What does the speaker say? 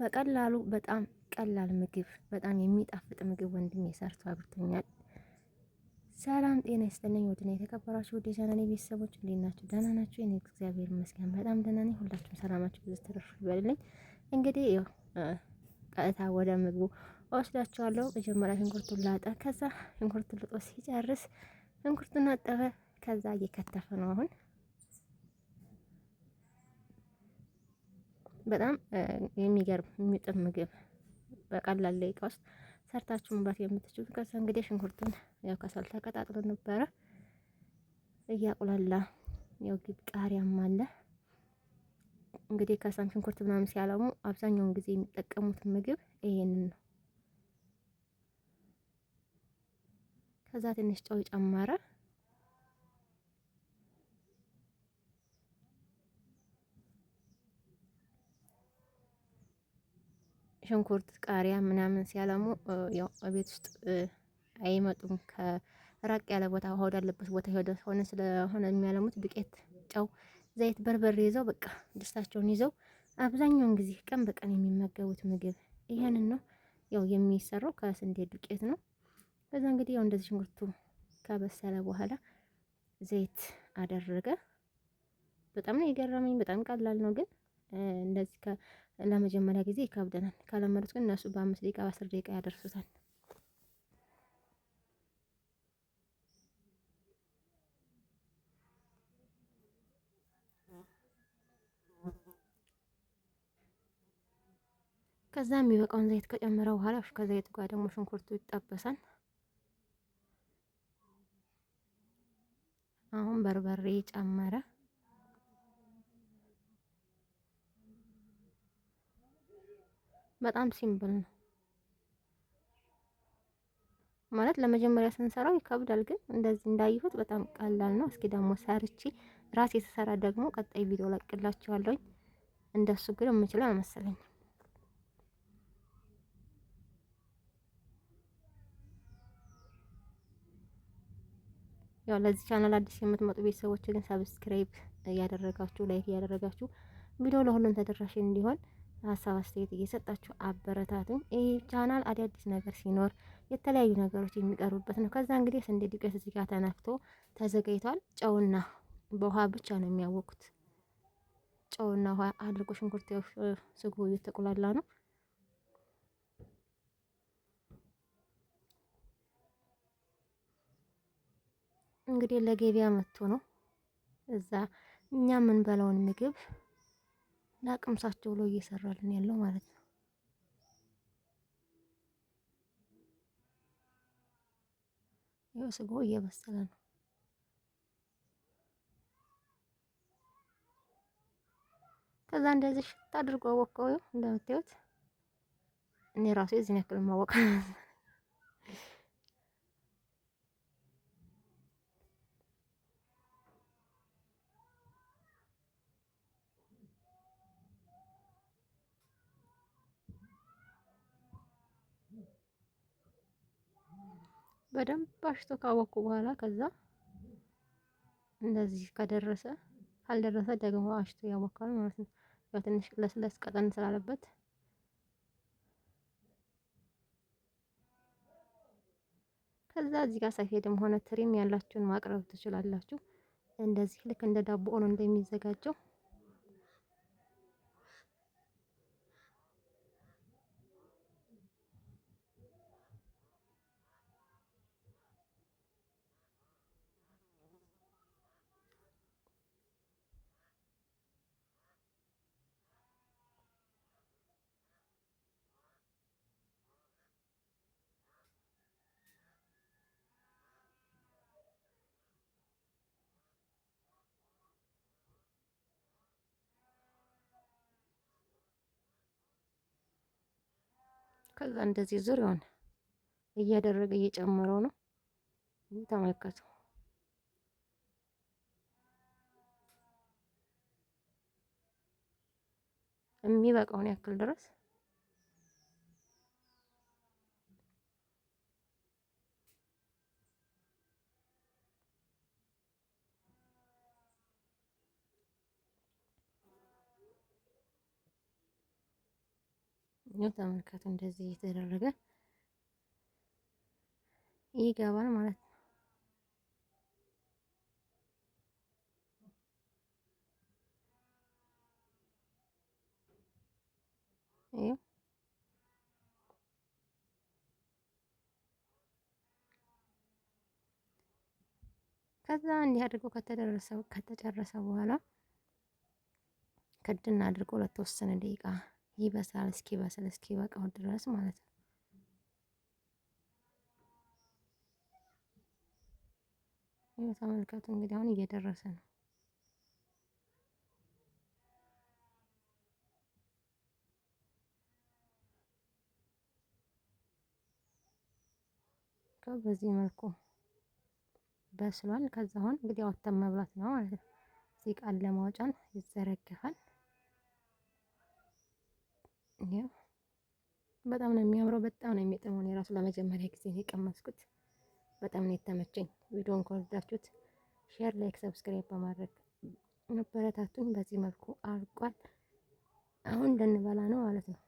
በቀላሉ በጣም ቀላል ምግብ በጣም የሚጣፍጥ ምግብ ወንድሜ ሰርቶ አብርቶኛል። ሰላም ጤና ይስጥልኝ። ወድና የተከበራችሁ ወደ ቻናሌ ቤተሰቦች እንዴት ናችሁ? ደህና ናችሁ? እኔ እግዚአብሔር ይመስገን በጣም ደህና ነኝ። ሁላችሁም ሰላማችሁ ብዙ ትርፍ ይበልልኝ። እንግዲህ ያው ቀጥታ ወደ ምግቡ እወስዳችኋለሁ። መጀመሪያ ሽንኩርቱን ላጠ፣ ከዛ ሽንኩርቱን ልጦ ሲጨርስ ሽንኩርቱን አጠበ፣ ከዛ እየከተፈ ነው አሁን በጣም የሚገርም የሚጥም ምግብ በቀላል ደቂቃ ውስጥ ሰርታችሁ መብላት የምትችሉት። ከዛ እንግዲህ ሽንኩርቱን ያው ከሰል ተቀጣጥሎ ነበረ እያቁላላ ያው ግብ ቃሪያም አለ እንግዲህ ከሳም ሽንኩርት ምናምን ሲያለሙ አብዛኛውን ጊዜ የሚጠቀሙት ምግብ ይሄንን ነው። ከዛ ትንሽ ጨው ጨመረ። ሽንኩርት፣ ቃሪያ ምናምን ሲያለሙ ያው ቤት ውስጥ አይመጡም። ከራቅ ያለ ቦታ ውሃ ወዳለበት ቦታ ሄደ ሆነ ስለሆነ የሚያለሙት ዱቄት፣ ጨው፣ ዘይት፣ በርበሬ ይዘው በቃ ድስታቸውን ይዘው አብዛኛውን ጊዜ ቀን በቀን የሚመገቡት ምግብ ይሄንን ነው። ያው የሚሰራው ከስንዴ ዱቄት ነው። ከዛ እንግዲህ ያው እንደዚህ ሽንኩርቱ ከበሰለ በኋላ ዘይት አደረገ። በጣም ነው የገረመኝ። በጣም ቀላል ነው ግን እንደዚህ ለመጀመሪያ ጊዜ ይከብደናል። ከለመዱት ግን እነሱ በአምስት ደቂቃ በአስር ደቂቃ ያደርሱታል። ከዛ የሚበቃውን ዘይት ከጨመረ በኋላ ከዘይቱ ጋር ደግሞ ሽንኩርቱ ይጠበሳል። አሁን በርበሬ ጨመረ። በጣም ሲምፕል ነው ማለት ለመጀመሪያ ስንሰራው ይከብዳል፣ ግን እንደዚህ እንዳይሁት በጣም ቀላል ነው። እስኪ ደግሞ ሰርቼ ራሴ የተሰራ ደግሞ ቀጣይ ቪዲዮ ለቅላችኋለሁ። እንደሱ ግን የምችለው አልመሰለኝም። ያው ለዚህ ቻናል አዲስ የምትመጡ ቤተሰቦች ግን ሰብስክራይብ እያደረጋችሁ ላይክ እያደረጋችሁ ቪዲዮ ለሁሉም ተደራሽ እንዲሆን ሀሳብ አስተያየት እየሰጣችሁ አበረታቱኝ። ይህ ቻናል አዳዲስ ነገር ሲኖር የተለያዩ ነገሮች የሚቀርቡበት ነው። ከዛ እንግዲህ ስንዴ ዱቄት እዚህ ጋር ተነክቶ ተዘጋጅቷል። ጨውና በውሃ ብቻ ነው የሚያወቁት። ጨውና ውሃ አድርጎ ሽንኩርት ስጎ እየተቆላላ ነው። እንግዲህ ለገበያ መጥቶ ነው እዛ እኛ የምንበላውን ምግብ ላቅምሳቸው ብሎ እየሰራልን ያለው ማለት ነው። ይኸው እየበሰለ ነው። ከዛ እንደዚህ ሽታ አድርጎ አወቀው። እንደምታዩት እኔ ራሴ እዚህ ያክል ማወቅ በደንብ አሽቶ ካወኩ በኋላ ከዛ እንደዚህ ከደረሰ ካልደረሰ ደግሞ አሽቶ ያቦካል ማለት ነው። ያው ትንሽ ለስለስ ቀጠን ስላለበት ከዛ እዚህ ጋር ሰፌድም ሆነ ትሪም ያላችሁን ማቅረብ ትችላላችሁ። እንደዚህ ልክ እንደ ዳቦ ነው እንደሚዘጋጀው ከዛ እንደዚህ ዙሪያውን እያደረገ እየጨመረው ነው። ተመልከቱ። የሚበቃውን ያክል ድረስ ያው ተመልከቱ፣ እንደዚህ እየተደረገ ይገባል ማለት ነው። ከዛ እንዲህ አድርጎ ከተደረሰው ከተጨረሰ በኋላ ክድና አድርጎ ለተወሰነ ደቂቃ ይበሳል እስኪ በሰል እስኪ በቃው ድረስ ማለት ነው። ይህ ተመልከቱ እንግዲህ አሁን እየደረሰ ነው። በዚህ መልኩ በስሏል። ከዛ አሁን እንግዲህ አወጥተን መብላት ነው ማለት ነው። እዚህ ቃል ለማውጫን ይዘረግፋል። በጣም ነው የሚያምረው። በጣም ነው የሚጥመው። የራሱ ለመጀመሪያ ጊዜ የቀመስኩት በጣም ነው የተመቸኝ። ቪዲዮን ከወዳችሁት ሼር፣ ላይክ፣ ሰብስክራይብ በማድረግ መበረታቱኝ። በዚህ መልኩ አልቋል። አሁን ልንበላ ነው ማለት ነው።